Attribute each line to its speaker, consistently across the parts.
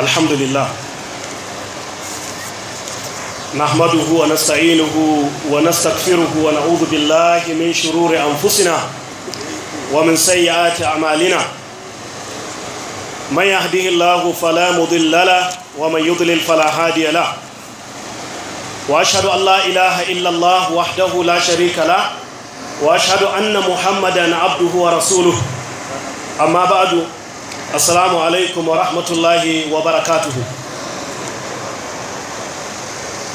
Speaker 1: الحمد لله نحمده ونستعينه ونستغفره ونعوذ بالله من شرور أنفسنا ومن سيئات أعمالنا من يهده الله فلا مضل له ومن يضلل فلا هادي له وأشهد أن لا إله إلا الله وحده لا شريك له وأشهد أن محمدا عبده ورسوله أما بعد assalamu alaikum wa rahmatullahi wa barakatuhu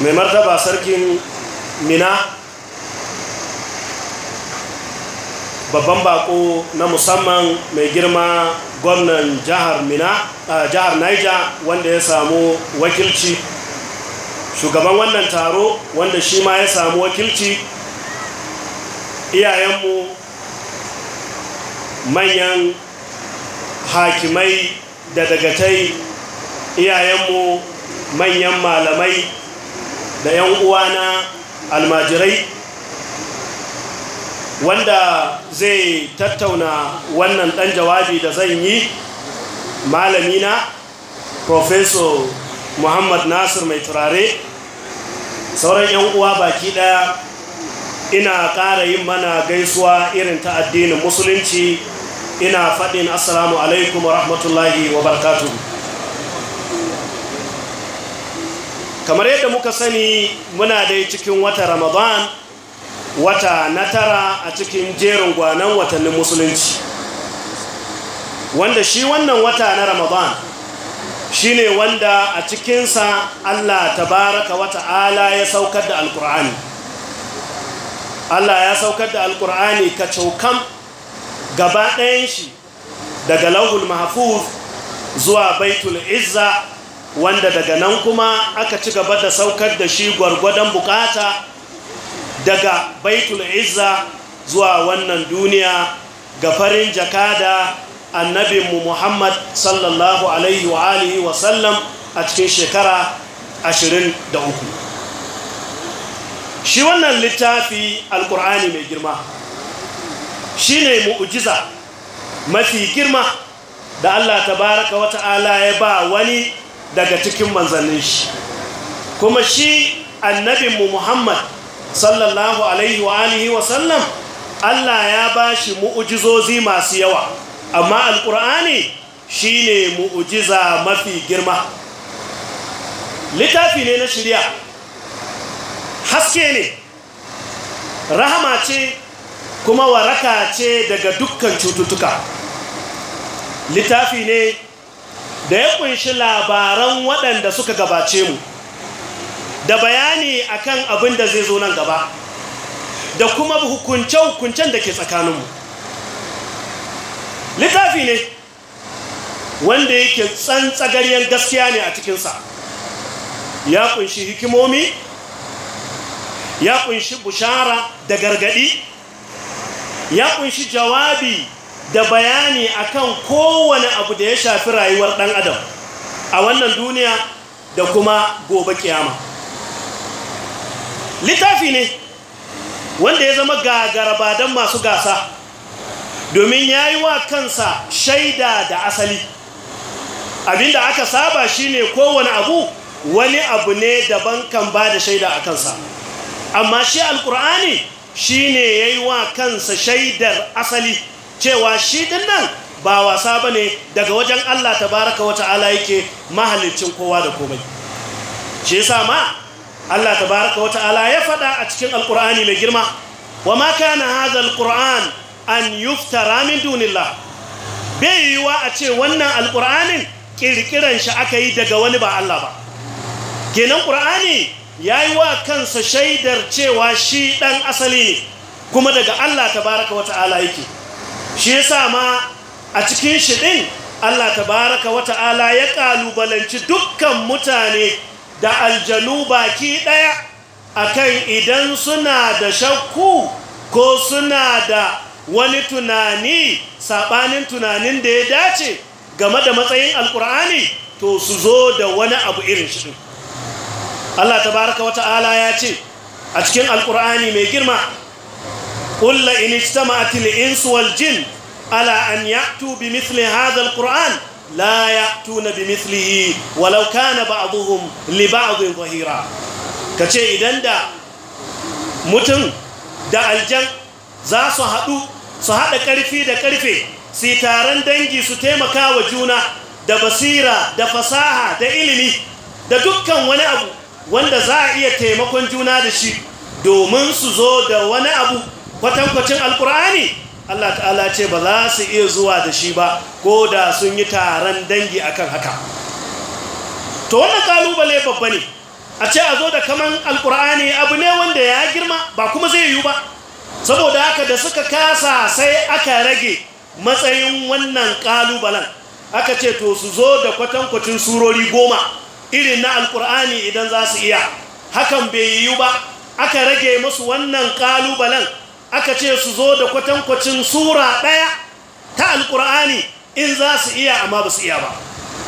Speaker 1: mai martaba sarkin mina babban bako na musamman mai girma gwamnan jihar mina a jihar niger wanda ya samu wakilci shugaban wannan taro wanda shi ma ya samu wakilci iyayenmu manyan hakimai da dagatai iyayenmu manyan malamai da 'yan uwana almajirai wanda zai tattauna wannan dan jawabi da zan yi malamina professor muhammad nasir mai turare sauran 'yan uwa baki ɗaya ina ƙara yin mana gaisuwa irin ta addinin musulunci ina faɗin assalamu alaikum wa rahmatullahi wa barakatuhu kamar yadda muka sani muna dai cikin wata ramadan wata na tara a cikin jerin gwanan watannin musulunci wanda shi wannan wata na ramadan ne wanda a cikinsa allah ta baraka wata ala ya saukar da alkur'ani allah ya saukar da alkur'ani ka cokam gaba ɗayan shi daga lauhul mahfuz zuwa baitul izza wanda daga nan kuma aka ci gaba da saukar da shi gwargwadon bukata daga baitul izza zuwa wannan duniya ga farin jakada annabinmu muhammad sallallahu alaihi wa alihi wa sallam a cikin shekara 23 shi wannan littafi alkur'ani mai girma Shi ne mu'ujiza mafi girma da Allah Ta baraka wa ta'ala ya ba wani daga cikin manzannin shi kuma shi annabinmu Muhammad sallallahu alaihi wa alihi wa sallam Allah ya ba shi mu'ujizozi masu yawa amma alƙur'ani shi ne mu'ujiza mafi girma littafi ne na shirya haske ne rahama ce kuma waraka ce daga dukkan cututtuka littafi ne da ya kunshi labaran waɗanda suka gabace mu da bayani akan abin da zai zo nan gaba da kuma hukunce-hukuncen da ke tsakaninmu littafi ne wanda yake tsantsagaryen gaskiya ne a cikinsa ya kunshi hikimomi ya kunshi bushara da gargaɗi ya kunshi jawabi da bayani akan kowane abu da ya shafi rayuwar dan adam a wannan duniya da kuma gobe kiyama littafi ne wanda ya zama gagaraba don masu gasa domin ya yi wa kansa shaida da asali abinda aka saba shine kowane abu wani abu ne daban kan ba da shaida a kansa amma shi alkur'ani shi ne ya yi wa kansa shaidar asali cewa shi ɗin nan ba wasa ba ne daga wajen Allah ta baraka wata ala yake mahalicin kowa da komai shi yasa ma Allah ta baraka wata ala ya faɗa a cikin alƙur'ani mai girma wa ma kana hadha alƙur'an an yuftara min dunillah bai wa a ce wannan alƙur'anin ƙirƙirar shi aka yi daga wani ba Allah ba kenan ƙur'ani ya yi wa kansa shaidar cewa shi ɗan asali ne kuma daga Allah baraka wata ala yake shi yasa ma a cikin shi ɗin Allah tabaraka wata ala ya ƙalubalanci dukkan mutane da aljanu baki ɗaya akan idan suna da shakku ko suna da wani tunani saɓanin tunanin da ya dace game da matsayin alƙur'ani to su zo da wani abu irin shi ɗin Allah tabaraka wa ta'ala ya ce a cikin alkur'ani mai girma ƙulla in ijtama'at al wal jin ala an ya'tu bi mithli hadha quran la ya'tuna bi mithlihi walau kana ba'dhum li ba'dhin zahira kace idan da mutum da aljan za su haɗu su haɗa ƙarfi da ƙarfe su yi taron dangi su taimaka wa juna da basira da fasaha da ilimi da dukkan wani abu wanda za a iya taimakon juna da shi domin su zo da wani abu kwatankwacin alkur'ani Allah ta'ala ce ba za su iya zuwa da shi ba ko da sun yi taron dangi akan haka to wannan kalubale babba ne a ce a zo da kaman alkur'ani abu ne wanda ya girma ba kuma zai yiwu ba saboda haka da suka kasa sai aka rage matsayin wannan kalubalen aka ce to su zo da kwatankwacin surori goma irin na alkur'ani idan za su iya hakan bai yiwu ba aka rage masu wannan kalubalen aka ce su zo da kwatankwacin sura ɗaya ta alkur'ani in za su iya amma ba su iya ba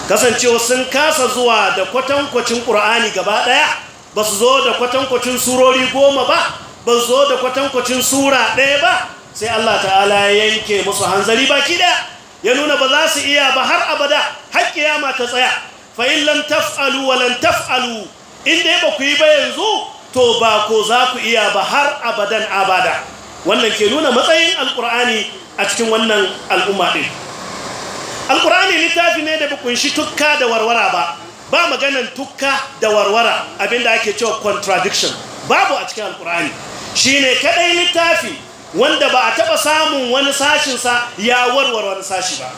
Speaker 1: kasancewa sun kasa zuwa da kwatankwacin ƙur'ani gaba ɗaya ba su zo da kwatankwacin surori goma ba ba su zo da kwatankwacin sura ɗaya ba sai Allah ta'ala ya yanke musu hanzari baki ɗaya ya nuna ba za su iya ba har abada har kiyama ta tsaya fa in lam taf'alu wa lan taf'alu in dai ba ku yi ba yanzu to ba ko za ku iya ba har abadan abada wannan ke nuna matsayin alkur'ani a cikin wannan al'umma ɗin alkur'ani littafi ne da bukunshi tukka da warwara ba ba maganan tukka da warwara abinda ake cewa contradiction babu a cikin alkur'ani shine kadai littafi wanda ba a taba samun wani sashinsa ya warware wani sashi ba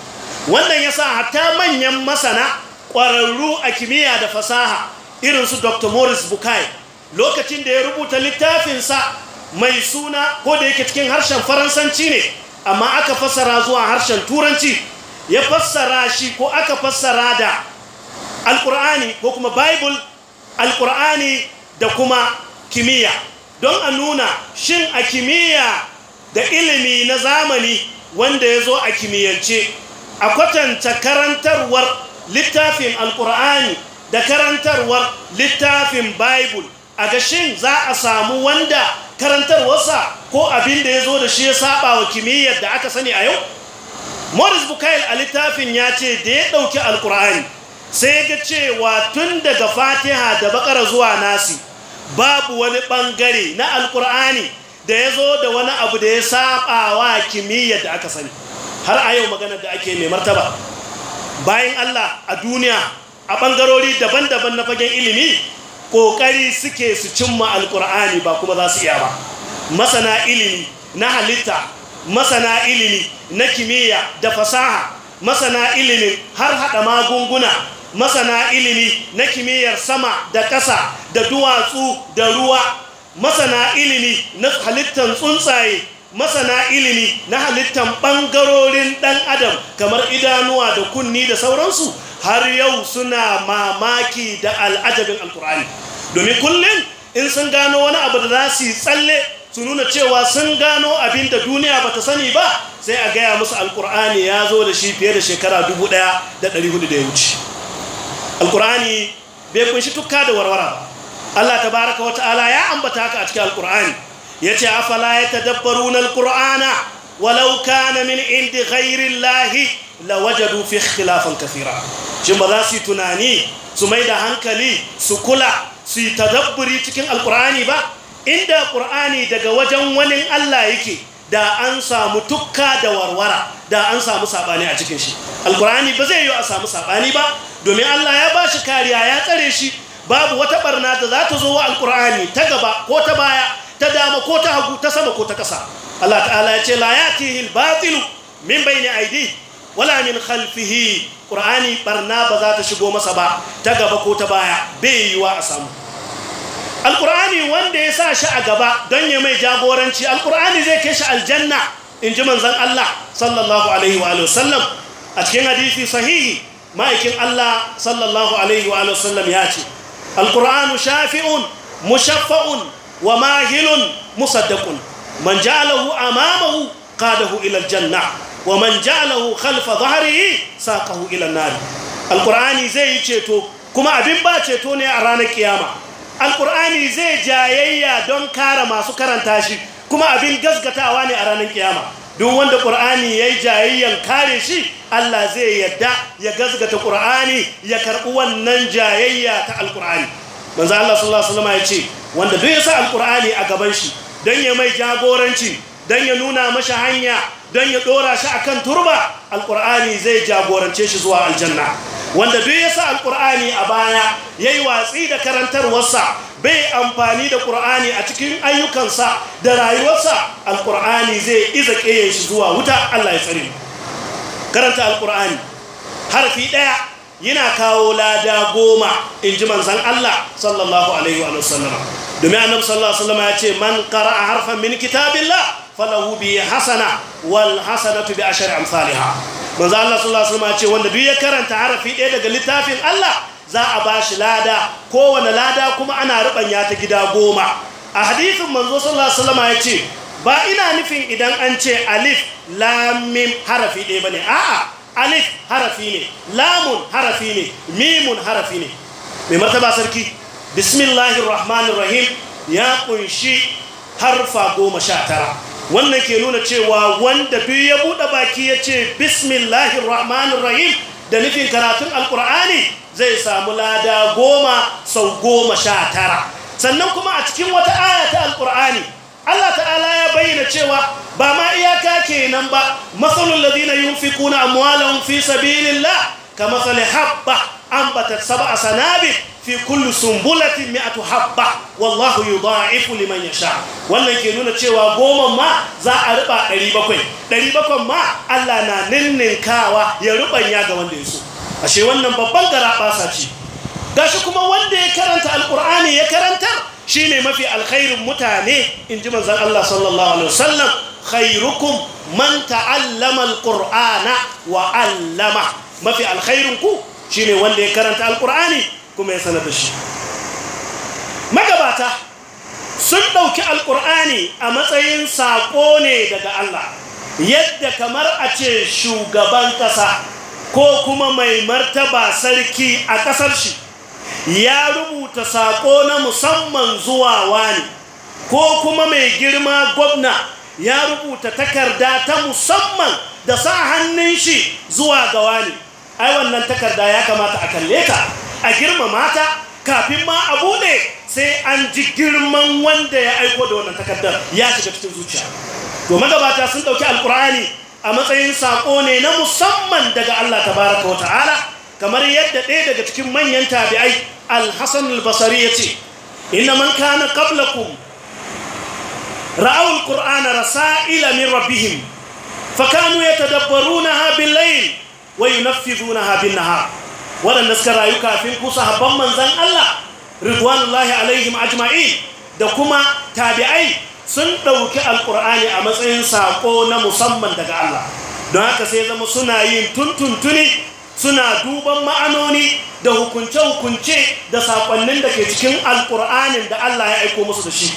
Speaker 1: wannan yasa hatta manyan masana ƙwararru a kimiyya da fasaha irinsu dr morris bukai lokacin da ya rubuta littafinsa mai suna ko da yake cikin harshen faransanci ne amma aka fassara zuwa harshen turanci ya fassara shi ko aka fassara da alƙur'ani ko kuma bible alƙur'ani da kuma kimiyya don a nuna shin a kimiyya da ilimi na zamani wanda ya zo a kimiyyance a kwatanta karantarwar littafin alkur'ani da karantarwar littafin bible a gashin za a samu wanda karantarwarsa ko abin da ya zo da shi ya saba wa kimiyyar da aka sani a yau morris bukail a littafin ya ce da ya ɗauki alkur'ani sai ga cewa tun daga fatiha da bakara zuwa nasi babu wani ɓangare na alkur'ani da ya zo da wani abu da ya saba wa kimiyyar da aka sani har a yau maganar da ake mai martaba bayan Allah a duniya a ɓangarori daban-daban na fagen ilimi ƙoƙari suke su cimma alƙur'ani ba kuma za su iya ba masana ilimi na halitta masana ilimi na kimiyya da fasaha masana ilimin har haɗa magunguna masana ilimi na kimiyyar sama da ƙasa da duwatsu da ruwa masana ilimi na halittar tsuntsaye masana ilimi na halittan ɓangarorin ɗan adam kamar idanuwa da kunni da sauransu har yau suna mamaki da al'ajabin alkur'ani domin kullum in sun gano wani abu da za su tsalle su nuna cewa sun gano abin da duniya ba ta sani ba sai a gaya musu alkur'ani ya zo da shi fiye da shekara dubu 1400 da ya wuce alkur'ani bai kunshi tukka da warwara ba allah ta baraka wata ala ya ambata haka a cikin alkur'ani yace afala yatadabbaruna alqur'ana walau kana min indi ghairi llahi lawajadu fi ikhtilafan kathira shin ba za su tunani su mai da hankali su kula su yi tadabburi cikin alqur'ani ba inda qur'ani daga wajen wani Allah yake da an samu tukka da warwara da an samu sabani a cikin shi alqur'ani ba zai yi a samu sabani ba domin Allah ya bashi kariya ya tsare shi babu wata barna da za ta zo wa alqur'ani ta gaba ko ta baya ta dama ko ta hagu ta sama ko ta kasa Allah ta'ala ya ce la yatihi al-batil min bayni aidi wala min khalfihi qur'ani barna ba za ta shigo masa ba ta gaba ko ta baya bai yiwa a samu alqur'ani wanda ya sa shi a gaba don ya mai jagoranci alqur'ani zai kai shi aljanna Inji ji manzon Allah sallallahu alaihi wa sallam a cikin hadisi sahihi ma'aikin Allah sallallahu alaihi wa sallam ya ce alqur'anu shafi'un mushaffa'un wa mahilun musaddaqun man ja'alahu amamahu qadahu ila aljanna wa man ja'alahu khalfa dhahrihi saqahu ila an-nar alqur'ani zai yi ceto kuma abin ba ceto ne a ranar kiyama alqur'ani zai jayayya don kare masu karanta shi kuma abin gaskatawa ne a ranar kiyama duk wanda qur'ani yayi jayayyan kare shi Allah zai yadda ya gaskata qur'ani ya karbi wannan jayayya ta alqur'ani manzo Allah sallallahu alaihi wasallam ya ce wanda duk ya sa alkur'ani a gaban shi don ya mai jagoranci don ya nuna mashi hanya don ya dora shi a kan turba alkur'ani zai jagorance shi zuwa aljanna wanda duk ya sa alkur'ani a baya ya yi watsi da karantarwarsa bai amfani da ƙur'ani a cikin ayyukansa da rayuwarsa alkur'ani zai iza ƙeyen shi zuwa wuta allah ya tsare karanta alkur'ani harfi ɗaya yana kawo lada goma in ji manzan Allah sallallahu alaihi wa sallama domin annabu sallallahu alaihi ya ce man kara a harfan min la falahu bi hasana wal tu bi ashri amsalha manzan Allah sallallahu alaihi ya ce wanda duk ya karanta harafi ɗaya daga littafin Allah za a ba shi lada kowane lada kuma ana rubanya ta gida goma a hadithin manzo sallallahu alaihi ya ce ba ina nufin idan an ce alif lamim harafi ɗaya ne a'a alif harafi ne lamun harafi ne mimun harafi ne mai martaba sarki bismillahir rahmanir rahim ya kunshi harfa goma sha tara wannan ke nuna cewa wanda biyu ya buɗe baki ya ce bismillahir rahmanir rahim da nufin karatun alkur'ani zai samu lada goma sau goma sha tara sannan kuma a cikin wata ayata ta alkur'ani Allah ta'ala ya bayyana cewa ba ma iyaka kenan ba masalul ladina yunfikuna amwalahum fi sabilillah kamathali habba batat sab'a sanabi fi kulli sumbulatin mi'atu habba wallahu yudha'ifu liman sha. wannan ke nuna cewa goma ma za a bakwai. 700 700 ma Allah na ninninkawa ya ya ga wanda ya so ashe wannan babban garaba ce gashi kuma wanda ya karanta alqur'ani ya karantar shine mafi alkhairin mutane in ji manzan Allah sallallahu alaihi wasallam khairukum man ta'allama alqur'ana wa 'allama mafi alkhairin ku shine wanda ya karanta Al-Qur'ani kuma ya sanar da shi magabata sun ɗauki alƙur'ani a matsayin saƙo ne daga Allah yadda kamar a ce shugaban ƙasa ko kuma mai martaba sarki a ƙasar shi ya rubuta saƙo na musamman zuwa wani ko kuma mai girma gwamna ya rubuta takarda ta musamman da sa hannun shi zuwa ga wani ai wannan takarda ya kamata a kalle ta a girma mata kafin ma a bude sai an ji girman wanda ya aiko da wannan takardar ya shiga cikin zuciya to magabata sun ɗauki alkur'ani a matsayin sako ne na musamman daga Allah tabaraka wa ta'ala kamar yadda ɗaya daga cikin manyan tabi'ai al-hasan al-basari ya ce Ina man kana qablakum ra'aw al-qur'ana rasa'ila min rabbihim fa kanu na bil-layl wa haɓin na ha? wadanda suka rayu kafin kusa sahabban manzan Allah ridwanullahi alaihim ajma'i da kuma tabi'ai sun ɗauki al a matsayin sako na musamman daga Allah don haka sai zama suna yin tuntuntuni suna duban ma'anoni da hukunce-hukunce da saƙonnin da ke cikin alƙur'anin da Allah ya aiko musu da shi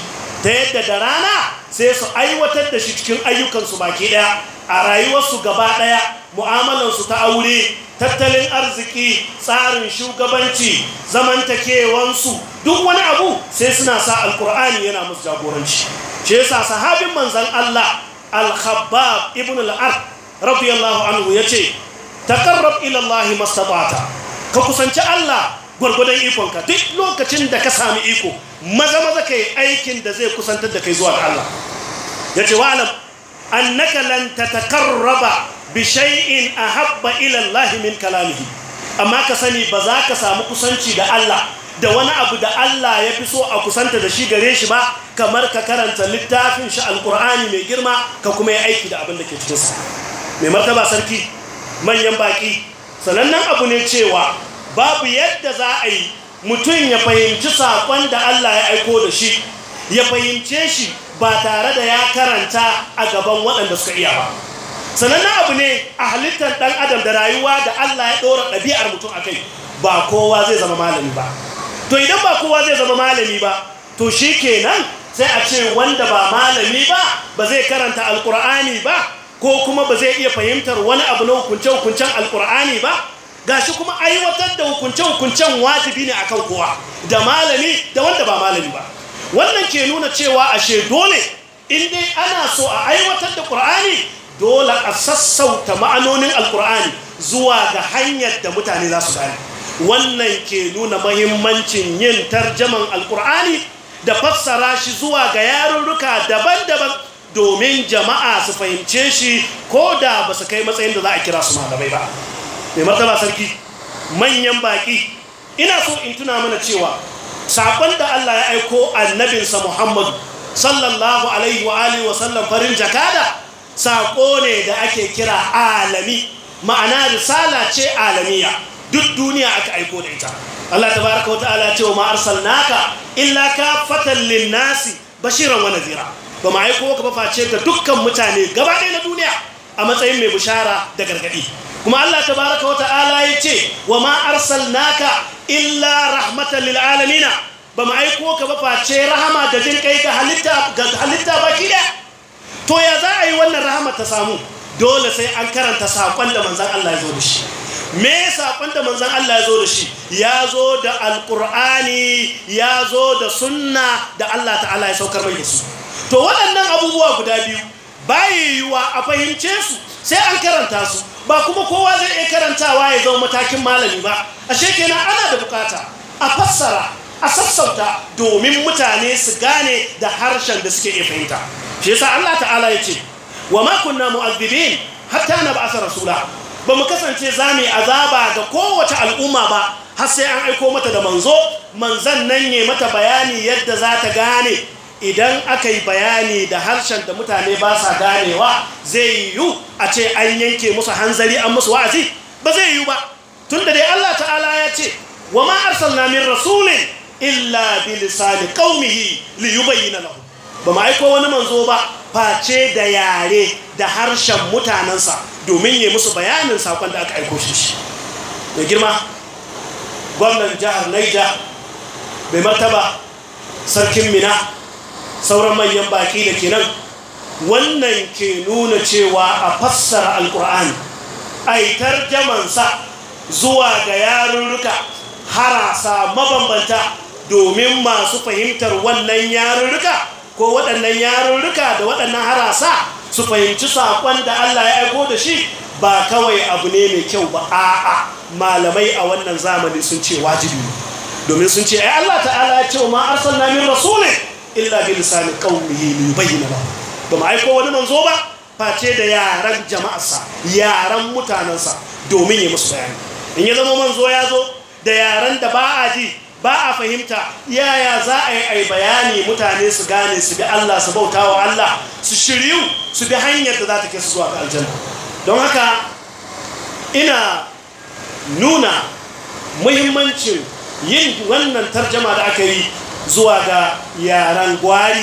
Speaker 1: ta yadda da rana sai su aiwatar da shi cikin ayyukansu baki ɗaya a rayuwarsu gaba ɗaya mu'amalansu ta aure tattalin arziki tsarin shugabanci zamantakewansu duk wani abu sai suna sa alƙur'ani yana musu jagoranci shi sa sahabin manzan Allah al-khabbab ibn al-ard radiyallahu anhu yace taqarrab ila Allah ka kusanci Allah gwargwadon ikonka duk lokacin da ka sami iko maza maza kai aikin da zai kusantar da kai zuwa ga Allah yace wa alam annaka lan tataqarraba bi shay'in ahabba ila Allah min kalamihi amma ka sani ba za ka samu kusanci da Allah da wani abu da Allah ya fi so a kusanta da shi gare shi ba kamar ka karanta littafin shi alkur'ani mai girma ka kuma yi aiki da abin da ke cikinsa mai martaba sarki manyan baki sanannen abu ne cewa babu yadda za a yi mutum ya fahimci saƙon da Allah ya aiko da shi ya fahimce shi ba tare da ya karanta a gaban waɗanda suka iya ba sanannen abu ne a halittar ɗan adam da rayuwa da Allah ya ɗora ɗabi'ar mutum a kai ba kowa zai zama malami ba to idan ba kowa zai zama malami ba to shi kenan sai a ce wanda ba malami ba ba zai karanta alkur'ani ba ko kuma ba zai iya fahimtar wani abu na hukunce-hukuncen alkur'ani ba Ga shi kuma aiwatar da hukunce-hukuncen wajibi ne akan kowa da malami da wanda ba malami ba wannan ke nuna cewa ashe dole in dai ana so a aiwatar da ƙur'ani dole a sassauta ma'anonin alkur'ani zuwa ga hanyar da mutane za su gane wannan ke nuna mahimmancin yin tarjaman alkur'ani da fassara shi zuwa ga yarurruka daban-daban domin jama'a su fahimce shi ko da ba su kai matsayin da za a kira su malamai ba mai martaba sarki manyan baki ina so in tuna mana cewa saƙon da Allah ya aiko annabinsa Muhammadu sallallahu alaihi wa alihi wa sallam farin jakada saƙo ne da ake kira alami ma'ana risala ce alamiya duk duniya aka aiko da ita Allah tabaraka wa ta'ala ce wa ma arsalnaka illa ka lin nasi bashiran wa nadhira ba ma aiko ka face ta dukkan mutane gaba ɗaya na duniya a matsayin mai bishara da gargaɗi kuma Allah tabaraka wa ta'ala ya ce wa ma naka illa rahmatan lil alamin ba ma aiko ka ba rahama da jin kai ga halitta ga halitta baki da to ya za a yi wannan rahama ta samu dole sai an karanta sakon da manzon Allah ya zo da shi me sakon da manzon Allah ya zo da shi ya zo da alqur'ani ya zo da sunna da Allah ta'ala ya saukar mai da su to waɗannan abubuwa guda biyu yi yiwuwa a fahimce su sai an karanta su ba kuma kowa zai iya karantawa ya zama matakin malami ba a kenan ana da bukata a fassara a sassauta domin mutane su gane da harshen da suke iya fahimta shi yasa Allah ta'ala ya ce wa ma kunna mu'azzibin hatta na ba'asa rasula ba mu kasance za yi azaba ga kowace al'umma ba har sai an aiko mata da manzo manzan nan ne mata bayani yadda za ta gane idan aka yi bayani da harshen da mutane ba sa ganewa zai yiwu a ce an yanke musu hanzari an musu wa'azi ba zai yiwu ba tun da dai Allah ta'ala ya ce wa ma arsalna min rasulin illa bi lisani qaumihi li yubayyana lahu ba mai ko wani manzo ba face da yare da harshen mutanensa domin ya musu bayanin sakon da aka aiko shi mai girma gwamnan jihar Niger bai martaba sarkin Mina sauran manyan baki da kenan wannan ke nuna cewa a fassara alkur'ani aitar jamansa zuwa ga yarurruka harasa mabambanta domin masu fahimtar wannan yarurruka ko waɗannan yarurruka da waɗannan harasa su fahimci saƙon da Allah ya aiko da shi ba kawai abu ne mai kyau ba a'a malamai a wannan zamani sun ce wajibi domin sun ce ai Allah ta'ala ya ce ma arsalna min rasulin illa bi lisani qaumihi li yubayyana ba ba aiko wani manzo ba face da yaran jama'arsa yaran mutanansa domin ya musu bayani in ya zama manzo ya zo da yaran da ba a ji ba a fahimta yaya za a yi ai bayani mutane su gane su bi Allah su bauta wa Allah su shiryu su bi hanyar da za ta kai su zuwa ga aljanna don haka ina nuna muhimmancin yin wannan tarjama da aka yi zuwa ga yaran gwari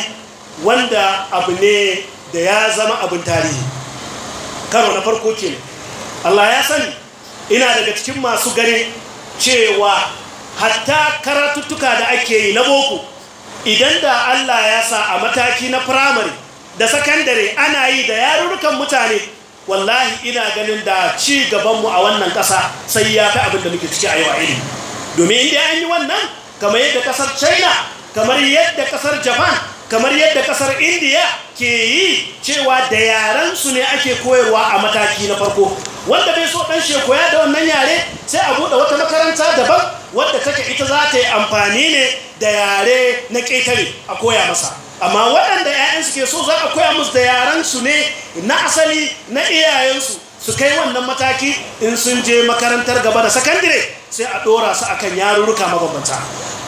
Speaker 1: wanda abu ne da ya zama abin tarihi karo na farko ke Allah ya sani ina daga cikin masu gani cewa hatta karatuttuka da ake yi na boko idan da Allah ya sa a mataki na firamare da sakandare ana yi da yarurrukan mutane wallahi ina ganin da ci gabanmu a wannan ƙasa sai ya fi abin da muke ciki a yau a ilimi domin inda an yi wannan kamar yadda ƙasar china kamar yadda kasar japan kamar yadda kasar indiya ke yi cewa da yaren su ne ake koyarwa a mataki na farko wanda bai so dan shekoya da wannan yare sai a buɗe wata makaranta daban wadda take ita za ta yi amfani ne da yare na ƙetare a koya masa amma waɗanda 'ya'yansu ke so za a koya musu da yaren su ne na asali na iyayensu su kai wannan mataki in sun je makarantar gaba da sakandire sai a dora su akan yarurruka mabambanta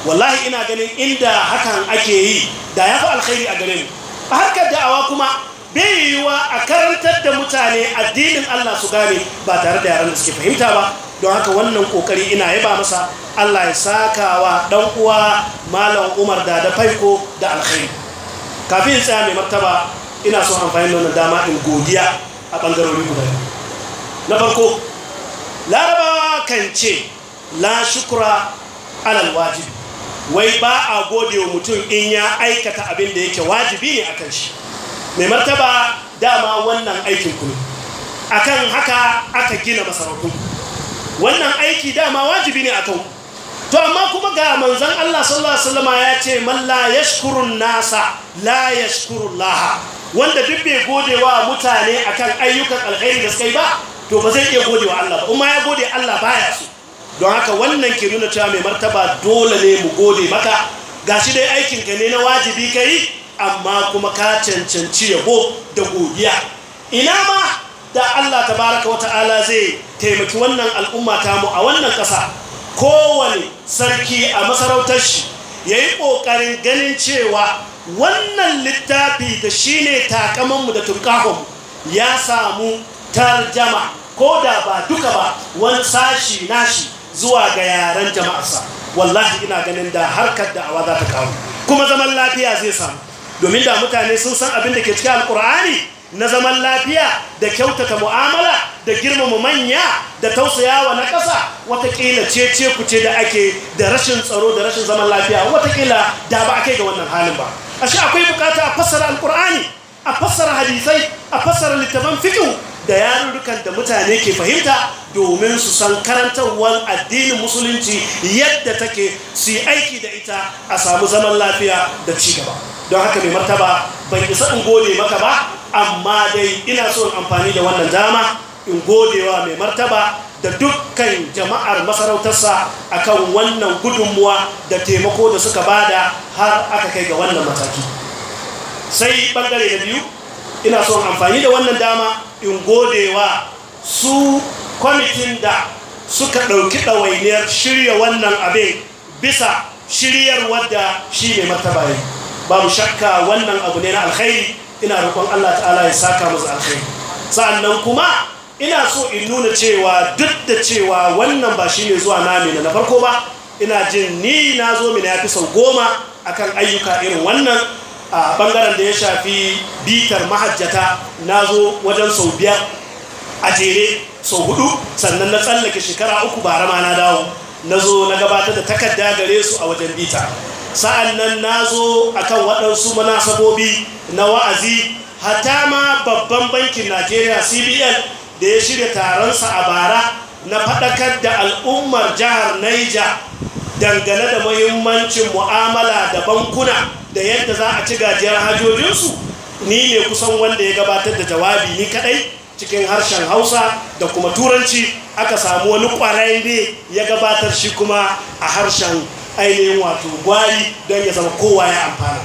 Speaker 1: wallahi ina ganin inda hakan ake yi da ya fi alkhairi a gare mu a harkar da'awa kuma bai wa a karantar da mutane addinin Allah su gane ba tare da yaran da suke fahimta ba don haka wannan kokari ina yaba masa Allah ya saka wa dan uwa malam Umar da da faiko da alkhairi kafin tsaya mai martaba ina so amfani da wannan dama in godiya a bangarori guda na farko larabawa kan ce la shukura alal wajibi wai ba a gode wa mutum in ya aikata abin da yake wajibi ne akan shi mai martaba dama wannan aikin ku akan haka aka gina masarautun wannan aiki dama wajibi ne a kan to amma kuma ga manzon Allah sallallahu alaihi wasallama ya ce man la yashkuru nasa la yashkurullah wanda duk bai gode wa mutane akan ayyukan alkhairi da suka ba to ba zai iya gode wa Allah ba kuma ya gode Allah baya su don haka wannan ke nuna cewa mai martaba dole ne mu gode maka ga shi dai aikin ka ne na wajibi kai amma kuma ka cancanci yabo da godiya ina ma da Allah tabaraka wata'ala zai taimaki wannan al'umma ta mu a wannan ƙasa kowane sarki a masarautar shi yayi yi ganin cewa wannan littafi da shi ne takamanmu da tunkahonmu ya samu tarjama ko da ba duka ba wani sashi nashi zuwa ga yaren jama'arsa wallahi ina ganin da harkar awa za ta kawo kuma zaman lafiya zai samu domin da mutane sun san abin da ke cikin alkur'ani na zaman lafiya da kyautata mu'amala da girmama manya da tausayawa na ƙasa watakila ce ce ku ce da ake da rashin tsaro da rashin zaman lafiya watakila da ba ake ga wannan halin ba ashe akwai bukata a fassara alkur'ani a fassara hadisai a fassara littafan fikin da yarurrukan da mutane ke fahimta domin su san karantarwar addinin musulunci yadda take su aiki da ita a samu zaman lafiya da cigaba don haka mai martaba ban isa in gode maka ba amma dai ina so in amfani da wannan dama in godewa mai martaba da dukkan jama'ar masarautarsa a kan wannan gudunmuwa da taimako da suka bada har aka kai ga wannan mataki sai bangare da biyu ina so amfani da wannan dama in godewa su kwamitin da suka ɗauki ɗawainiyar shirya wannan abin bisa shiryar wadda shi ne martaba yi mu shakka wannan abu ne na alkhairi ina roƙon Allah ta'ala ya saka musu alkhairi sa'annan kuma ina so in nuna cewa duk da cewa wannan ba shi ne zuwa na na farko ba ina jin ni na zo mina ya fi sau goma akan ayyuka irin wannan a bangaren da ya shafi bitar mahajjata na zo wajen sau biyar a jere sau hudu sannan na tsallake shekara uku bara ma na dawo na zo na gabatar da takarda gare su a wajen bita sa'an nan na zo a kan waɗansu manasabobi na wa'azi hata ma babban bankin najeriya cbn da ya shirya taronsa a bara na faɗakar da al'ummar jihar naija dangane da muhimmancin mu'amala da bankuna da yadda za a ci gajiyar hajojinsu ni ne kusan wanda ya gabatar da jawabi ni kadai cikin harshen hausa da kuma turanci aka samu wani kwarai ya gabatar shi kuma a harshen ainihin wato gwari don ya zama kowa ya amfana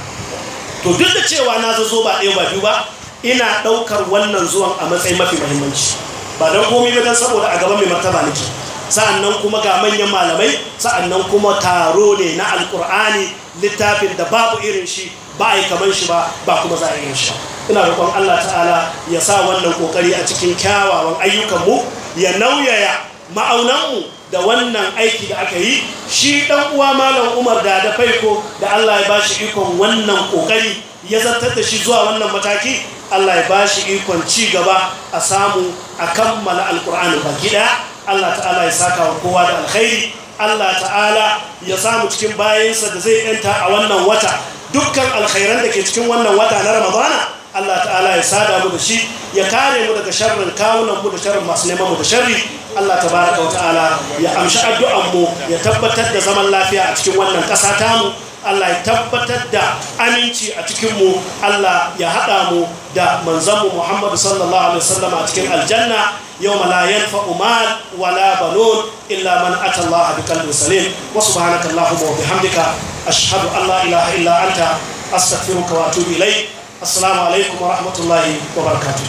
Speaker 1: to duk da cewa na zo ba ɗaya ba biyu ba ina ɗaukar wannan zuwan a matsayin mafi mahimmanci ba don komi ba don saboda a gaban mai martaba nake sa'annan kuma ga manyan malamai sa'annan kuma taro ne na alkur'ani littafin da babu irin shi ba a yi kamar shi ba ba kuma za a yi shi ina roƙon Allah ta'ala ya sa wannan kokari a cikin kyawawan ayyukanmu ya nauyaya ma'aunanmu da wannan aiki da aka yi shi ɗan uwa malam umar da da faiko da allah ya bashi ikon wannan ƙoƙari ya zartar da shi zuwa wannan mataki allah ya bashi ikon ci gaba a samu a kammala alkur'ani baki ɗaya Allah ta'ala ya saka wa kowa da alkhairi Allah ta'ala ya samu cikin bayansa da zai yanta a wannan wata dukkan alkhairan da ke cikin wannan wata na ramadana Allah ta'ala ya sada mu da shi ya kare mu daga sharrin kawunan mu da sharrin masu neman mu da sharri Allah ta'ala ya amshi addu'an mu ya tabbatar da zaman lafiya a cikin wannan ƙasa tamu Allah ya tabbatar da aminci a cikinmu Allah ya haɗa mu da manzanmu Muhammadu sallallahu Alaihi wasallam a cikin aljanna yau malayan fa'umal wala banon illa man atallah bi kalbin salim wa subhanaka Allahumma wa bihamdika ashhadu an la ilaha illa anta astaghfiruka wa atubu ilayk assalamu alaikum wa rahmatullahi wa barakatuh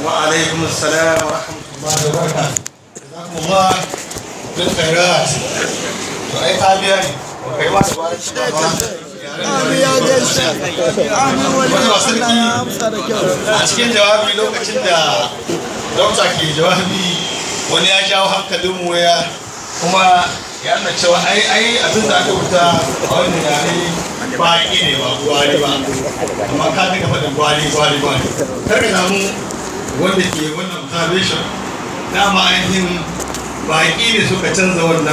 Speaker 1: wa alaikum assalam wa rahmatullahi wa barakatuh jazakumullah bil khairat to ai tabiya ne A cikin jawabi lokacin da dokta ke jawabi wani ya jawo hankalin mu ya kuma ya nuna cewa ai ai abin da aka wuta a wani yare ba ki ne ba gwari ba amma ka ga faɗin gwari gwari gwari kar ka samu wanda ke wannan observation dama ainihin baƙi ne suka canza wannan